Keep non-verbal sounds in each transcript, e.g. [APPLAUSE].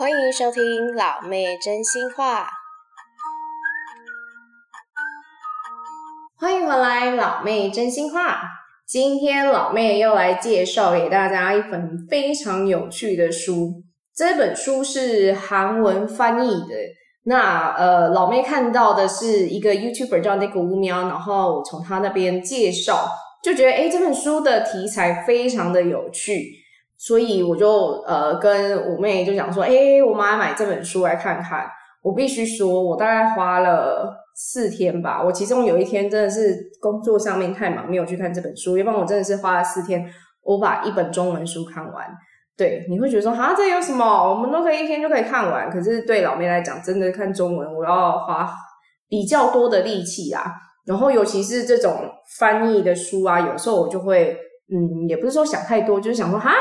歡迎收聽老妹真心話，歡迎回來老妹真心話。今天老妹又來介紹給大家一本非常有趣的書，這本書是韓文翻譯的。那呃，老妹看到的是一個 YouTuber 叫那個無喵，然後我從他那邊介紹，就覺得哎，這本書的題材非常的有趣。所以我就呃跟我妹就講說，誒、欸，我媽買這本書來看看。我必須說，我大概花了四天吧。我其中有一天真的是工作上面太忙，沒有去看這本書。要不然我真的是花了四天，我把一本中文書看完。對，你會覺得說，哈，這有什麼？我們都可以一天就可以看完。可是對老妹來講，真的看中文，我要花比較多的力氣啊。然後尤其是這種翻譯的書啊，有時候我就會，嗯，也不是說想太多，就是想說，哈。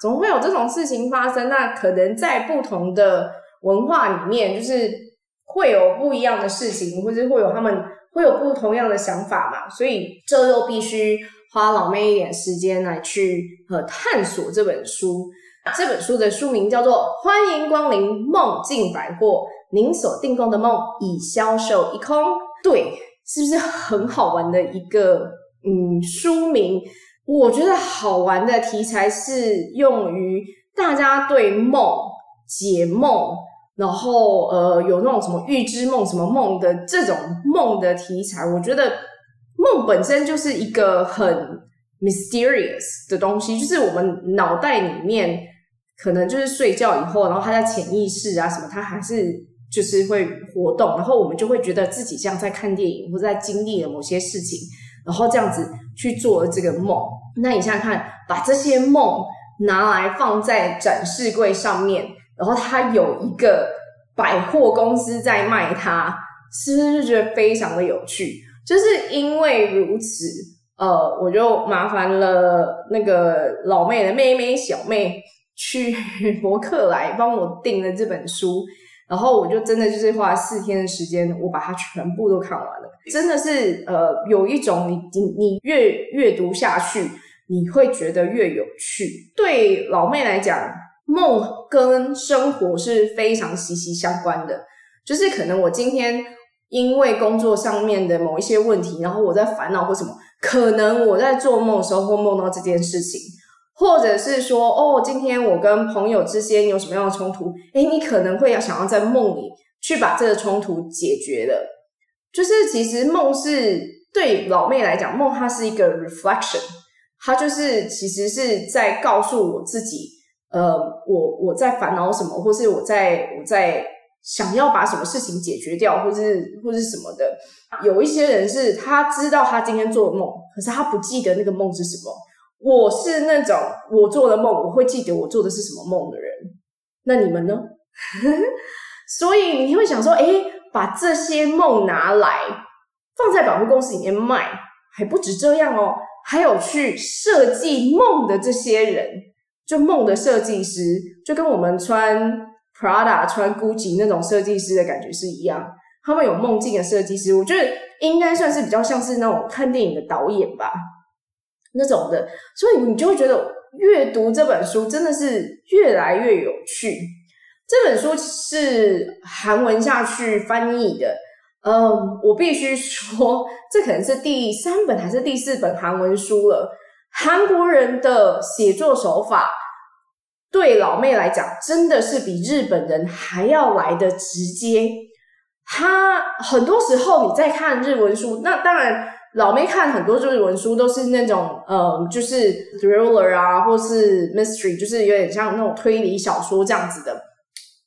總會有這種事情發生，那可能在不同的文化裡面，就是會有不一樣的事情，或者會有他們會有不同樣的想法嘛。所以這又必須花老妹一點時間來去呃探索這本書。啊，這本書的書名叫做《歡迎光臨夢境百貨》，您所訂購的夢已銷售一空。對，是不是很好玩的一個嗯書名？我覺得好玩的題材是用於大家對夢解夢，然後呃有那種什麼預知夢什麼夢的這種夢的題材。我覺得夢本身就是一個很 mysterious 的東西，就是我們腦袋裡面可能就是睡覺以後，然後它在潛意識啊什麼，它還是就是會活動，然後我們就會覺得自己像在看電影或者在經歷了某些事情，然後這樣子。去做了這個夢，那你想想看，把這些夢拿來放在展示櫃上面，然後它有一個百貨公司在賣它，是不是覺得非常的有趣？就是因為如此，呃，我就麻煩了那個老妹的妹妹小妹去博客來幫我訂了這本書。然後我就真的就是花四天的時間，我把它全部都看完了。真的是，呃，有一種你你你越閱讀下去，你會覺得越有趣。對老妹來講，夢跟生活是非常息息相關的。就是可能我今天因為工作上面的某一些問題，然後我在煩惱或什麼，可能我在做夢的時候會夢到這件事情。或者是說，哦，今天我跟朋友之間有什麼樣的衝突？誒，你可能會要想要在夢裡去把這個衝突解決了。就是其實夢是對老妹來講，夢它是一個 reflection，它就是其實是在告訴我自己，呃，我我在煩惱什麼，或是我在我在想要把什麼事情解決掉，或是或是什麼的。有一些人是他知道他今天做的夢，可是他不記得那個夢是什麼。我是那種我做的夢我會記得我做的是什麼夢的人，那你們呢？呵呵，所以你會想說，誒，把這些夢拿來放在百貨公司裡面賣，還不止這樣哦，還有去設計夢的這些人，就夢的設計師，就跟我們穿 Prada、穿 Gucci 那種設計師的感覺是一樣。他們有夢境的設計師，我覺得應該算是比較像是那種看電影的導演吧。那種的，所以你就會覺得閱讀這本書真的是越來越有趣。這本書是韓文下去翻譯的，嗯，我必須說，這可能是第三本還是第四本韓文書了。韓國人的寫作手法對老妹來講，真的是比日本人還要來得直接。他很多時候你在看日文書，那當然。老妹看很多就是文書都是那種，嗯，就是 thriller 啊，或是 mystery，就是有點像那種推理小說這樣子的。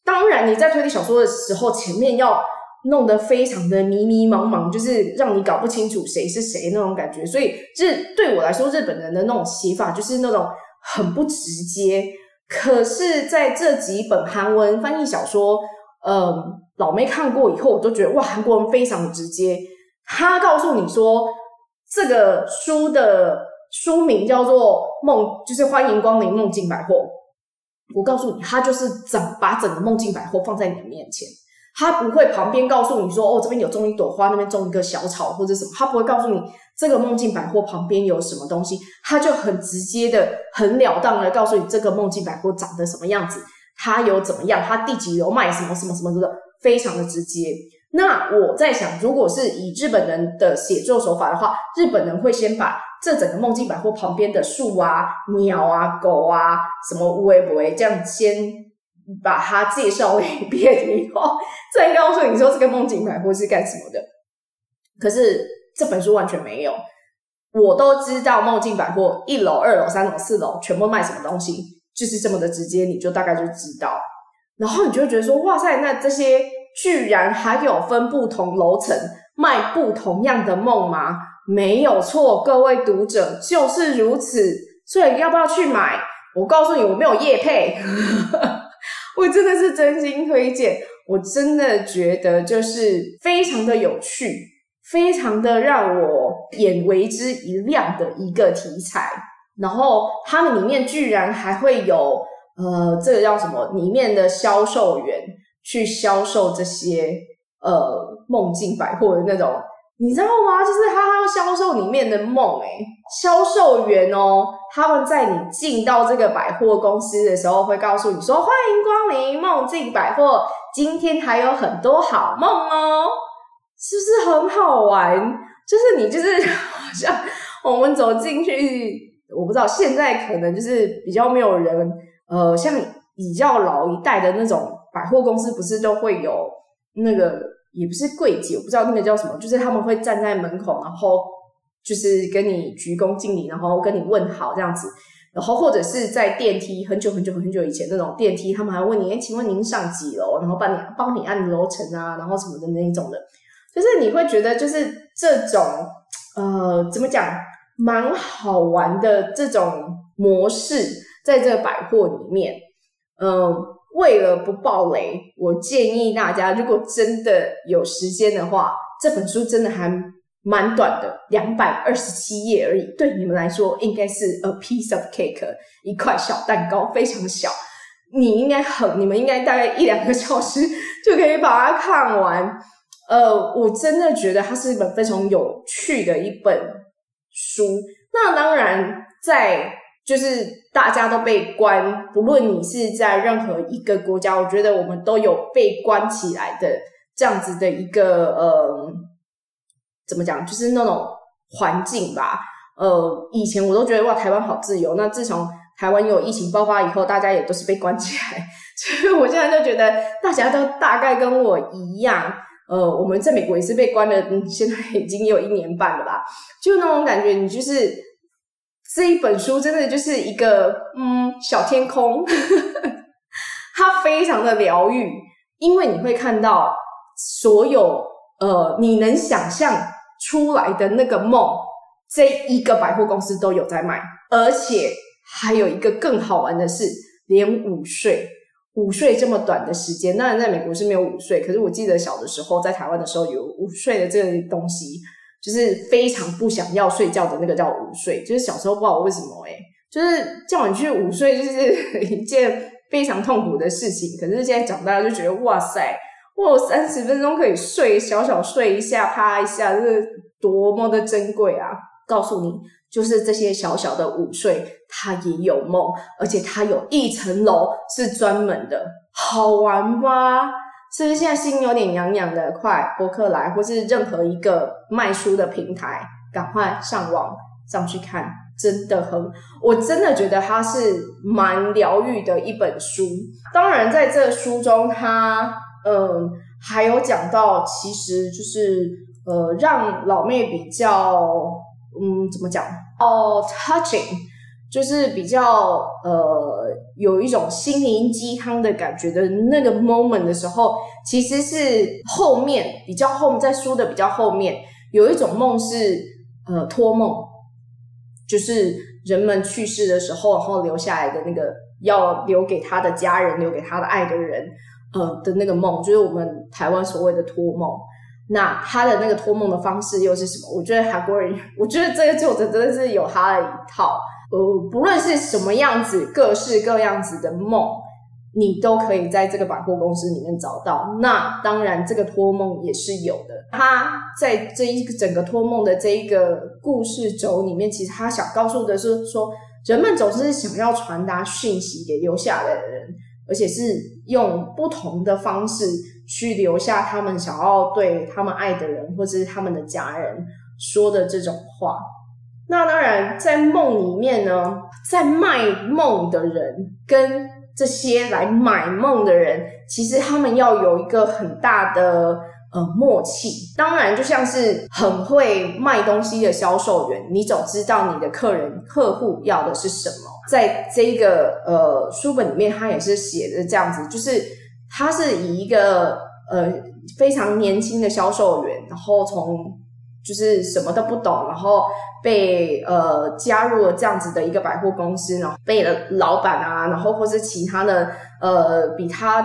當然你在推理小說的時候，前面要弄得非常的迷迷茫茫，就是讓你搞不清楚誰是誰那種感覺。所以這對我來說，日本人的那種寫法就是那種很不直接。可是在這幾本韓文翻譯小說，嗯，老妹看過以後，我都覺得哇，韓國人非常的直接。他告訴你說，這個書的書名叫做《夢》，就是歡迎光臨夢境百貨。我告訴你，他就是整把整個夢境百貨放在你的面前，他不會旁邊告訴你說，哦，這邊有種一朵花，那邊種一個小草，或者什麼，他不會告訴你這個夢境百貨旁邊有什麼東西，他就很直接的、很了當的告訴你這個夢境百貨長得什麼樣子，他有怎麼樣，他第幾樓賣什麼什麼什麼什麼的，非常的直接。那我在想，如果是以日本人的寫作手法的話，日本人會先把這整個夢境百貨旁邊的樹啊、鳥啊、狗啊、什麼烏龜不龜這樣先把它介紹一遍以後，再告訴你說這個夢境百貨是幹什麼的。可是這本書完全沒有，我都知道夢境百貨一樓、二樓、三樓、四樓全部賣什麼東西，就是這麼的直接，你就大概就知道，然後你就會覺得說，哇塞，那這些。居然還有分不同樓層賣不同樣的夢嗎？沒有錯，各位讀者就是如此。所以要不要去買？我告訴你，我沒有業配， [LAUGHS] 我真的是真心推薦。我真的覺得就是非常的有趣，非常的讓我眼為之一亮的一個題材。然後他們裡面居然還會有呃，這個叫什麼？裡面的銷售員。去銷售這些呃，夢境百貨的那種，你知道嗎？就是他銷售裡面的夢、欸，哎，銷售員哦、喔，他們在你進到這個百貨公司的時候，會告訴你說：“歡迎光臨夢境百貨，今天還有很多好夢哦、喔，是不是很好玩？”就是你就是好像我們走進去，我不知道現在可能就是比較沒有人，呃，像比較老一代的那種。百貨公司不是都會有那個，也不是櫃姐，我不知道那個叫什麼，就是他們會站在門口，然後就是跟你鞠躬敬禮，然後跟你問好這樣子，然後或者是在電梯，很久很久很久以前那種電梯，他們還問你，哎、欸，請問您上幾樓？然後幫你幫你按樓層啊，然後什麼的那一種的，就是你會覺得就是這種，呃，怎麼講，蠻好玩的這種模式，在這個百貨裡面，嗯、呃。為了不爆雷，我建議大家，如果真的有時間的話，這本書真的還蠻短的，兩百二十七頁而已，對你們來說應該是 a piece of cake，一塊小蛋糕，非常小，你應該很，你們應該大概一兩個小時就可以把它看完。呃，我真的覺得它是一本非常有趣的一本書。那當然，在就是。大家都被關，不論你是在任何一個國家，我覺得我們都有被關起來的這樣子的一個呃，怎麼講，就是那種環境吧。呃，以前我都覺得哇，台灣好自由。那自從台灣有疫情爆發以後，大家也都是被關起來，所以我現在就覺得大家都大概跟我一樣。呃，我們在美國也是被關了，嗯，現在已經有一年半了吧，就那種感覺，你就是。這一本書真的就是一個嗯，小天空， [LAUGHS] 它非常的療癒，因為你會看到所有呃，你能想象出來的那個夢，這一個百貨公司都有在賣，而且還有一個更好玩的是，連午睡，午睡這麼短的時間，當然在美國是沒有午睡，可是我記得小的時候在台灣的時候有午睡的這個東西。就是非常不想要睡覺的那個叫午睡，就是小時候不知道為什麼誒、欸、就是叫你去午睡就是一件非常痛苦的事情。可是現在長大就覺得哇塞，我有三十分鐘可以睡，小小睡一下，啪一下，這、就是多麼的珍貴啊！告訴你，就是這些小小的午睡，它也有夢，而且它有一層樓是專門的，好玩吧？是不是現在心有點癢癢的？快博客來，或是任何一個賣書的平台，趕快上網上去看，真的很，我真的覺得它是蠻療癒的一本書。當然，在這書中他，它、呃、嗯，還有講到，其實就是呃，讓老妹比較嗯，怎麼講？哦、oh，touching，就是比較呃。有一種心靈雞湯的感覺的那個 moment 的時候，其實是後面比較後面在書的比較後面，有一種夢是呃托夢，就是人們去世的時候，然後留下來的那個要留給他的家人，留給他的愛的人，呃的那個夢，就是我們台灣所謂的托夢。那他的那個託夢的方式又是什麼？我覺得韓國人，我覺得這個作者真的是有他的一套。呃、嗯，不論是什麼樣子，各式各樣子的夢，你都可以在這個百貨公司裡面找到。那當然，這個託夢也是有的。他在這一個整個託夢的這一個故事軸裡面，其實他想告訴的是說，人們總是想要傳達訊息給留下來的人，而且是用不同的方式。去留下他們想要對他們愛的人或者是他們的家人說的這種話。那當然，在夢裡面呢，在賣夢的人跟這些來買夢的人，其實他們要有一個很大的呃默契。當然，就像是很會賣東西的銷售員，你總知道你的客人客戶要的是什麼。在這個呃書本裡面，他也是寫的這樣子，就是。他是以一個呃非常年輕的銷售員，然後從就是什麼都不懂，然後被呃加入了這樣子的一個百貨公司，然後被了老闆啊，然後或是其他的呃比他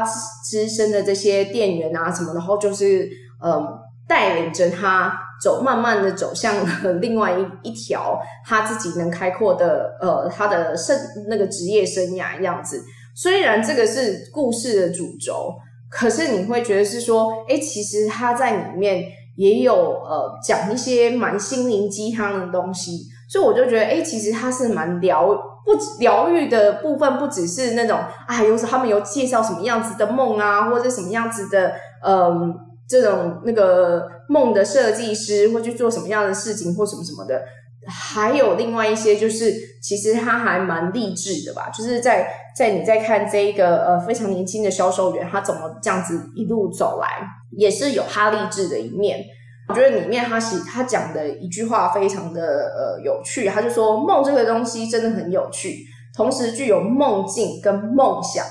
資深的這些店員啊什麼，然後就是嗯、呃、帶領着他走，慢慢的走向了另外一一條他自己能開闊的呃他的生那個職業生涯這樣子。雖然這個是故事的主軸，可是你會覺得是說，哎、欸，其實他在裡面也有呃講一些蠻心靈雞湯的東西，所以我就覺得，哎、欸，其實他是蠻療不療癒的部分，不只是那種啊，有時候他們有介紹什麼樣子的夢啊，或者什麼樣子的，嗯、呃，這種那個夢的設計師，或去做什麼樣的事情，或什麼什麼的。還有另外一些，就是其實他還蠻勵志的吧，就是在在你在看這一個呃非常年輕的銷售員，他怎麼這樣子一路走來，也是有他勵志的一面。我覺得裡面他是他講的一句話非常的呃有趣，他就說夢這個東西真的很有趣，同時具有夢境跟夢想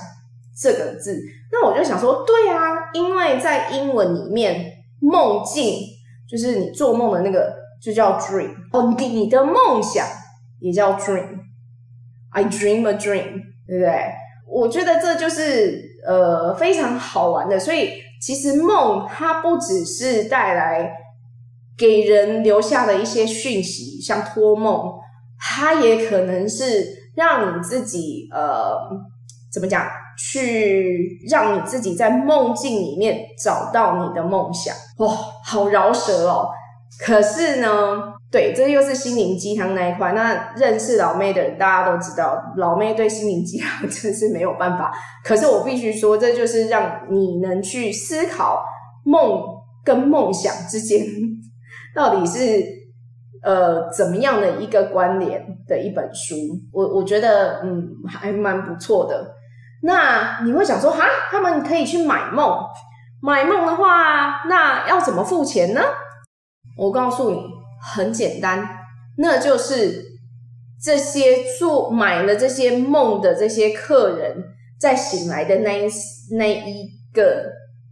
這個字。那我就想說，對啊，因為在英文裡面，夢境就是你做夢的那個。就叫 dream，哦，你的夢想也叫 dream，I dream a dream，對不對？我覺得這就是呃非常好玩的，所以其實夢它不只是帶來給人留下的一些訊息，像托夢，它也可能是讓你自己呃怎麼講，去讓你自己在夢境裡面找到你的夢想。哇、哦，好饒舌哦！可是呢，對，這又是心靈雞湯那一塊。那認識老妹的人，大家都知道，老妹對心靈雞湯真是沒有辦法。可是我必須說，這就是讓你能去思考夢跟夢想之間到底是呃怎麼樣的一個關聯的一本書。我我覺得，嗯，還蠻不錯的。那你會想說，哈，他們可以去買夢，買夢的話，那要怎麼付錢呢？我告訴你，很簡單，那就是這些做買了這些夢的這些客人，在醒來的那一那一個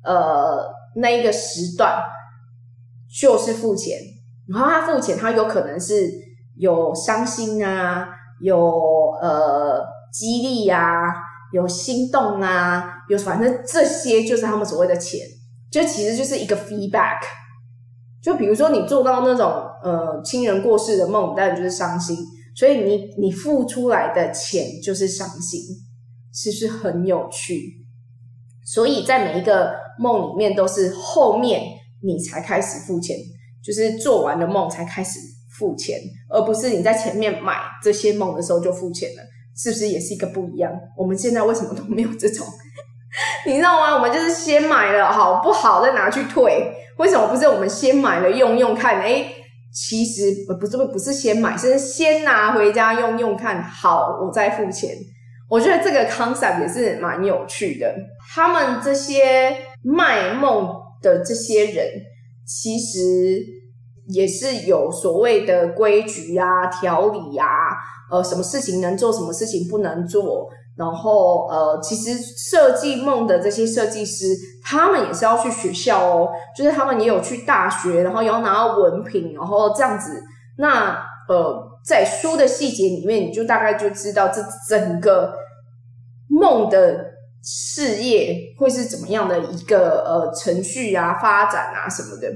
呃那一個時段，就是付錢。然後他付錢，他有可能是有傷心啊，有呃激勵啊，有心動啊，有反正這些就是他們所謂的錢，就其實就是一個 feedback。就比如說，你做到那種呃親人過世的夢，當然就是傷心，所以你你付出來的錢就是傷心，是不是很有趣？所以在每一個夢裡面，都是後面你才開始付錢，就是做完的夢才開始付錢，而不是你在前面買這些夢的時候就付錢了，是不是也是一個不一樣？我們現在為什麼都沒有這種？你知道嗎？我們就是先買了，好不好？再拿去退。為什麼不是我們先買了用用看？哎、欸，其實不是不是先買，是先拿回家用用看。好，我再付錢。我覺得這個 concept 也是蠻有趣的。他們這些賣夢的這些人，其實也是有所謂的規矩呀、啊、條理呀、啊，呃，什麼事情能做，什麼事情不能做。然後，呃，其實設計夢的這些設計師，他們也是要去學校哦，就是他們也有去大學，然後也要拿到文憑，然後這樣子。那，呃，在書的細節裡面，你就大概就知道這整個夢的事業會是怎麼樣的一個呃程序、啊、發展啊什麼的。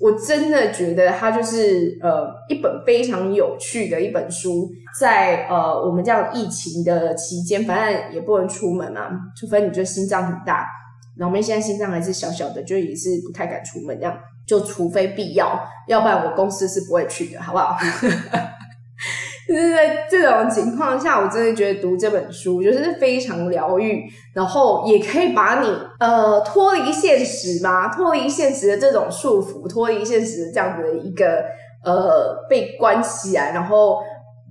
我真的覺得它就是呃一本非常有趣的一本書，在呃我們這樣疫情的期間，反正也不能出門嘛，啊，除非你覺得心臟很大。然後我們現在心臟還是小小的，就也是不太敢出門，這樣就除非必要，要不然我公司是不會去的，好不好？ [LAUGHS] 就是在這種情況下，我真的覺得讀這本書就是非常療癒，然後也可以把你呃脫離現實嘛，脫離現實的這種束縛，脫離現實這樣子的一個呃被關起來，然後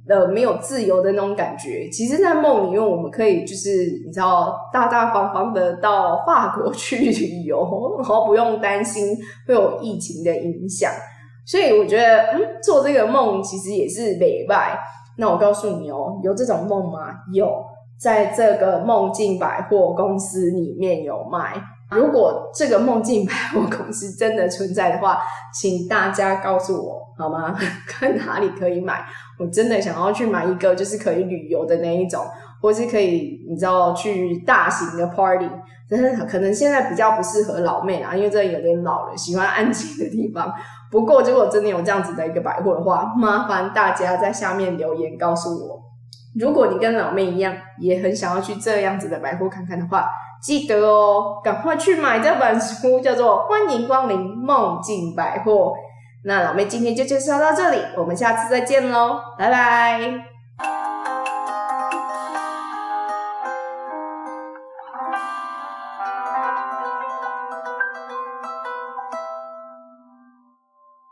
呃沒有自由的那種感覺。其實，在夢裡面，因為我們可以就是你知道大大方方的到法國去旅遊，然後不用擔心會有疫情的影響。所以我覺得，嗯，做這個夢其實也是美賣。那我告訴你哦，有這種夢嗎？有，在這個夢境百貨公司裡面有賣。啊、如果這個夢境百貨公司真的存在的話，請大家告訴我好嗎？ [LAUGHS] 看哪裡可以買？我真的想要去買一個，就是可以旅遊的那一種，或是可以你知道去大型的 party。但是可能現在比較不適合老妹啦，因為這有點老了，喜歡安靜的地方。不過，如果真的有這樣子的一個百貨的話，麻煩大家在下面留言告訴我。如果你跟老妹一樣，也很想要去這樣子的百貨看看的話，記得哦，趕快去買這本書，叫做《歡迎光臨夢境百貨》。那老妹今天就介紹到這裡，我們下次再見嘍，拜拜。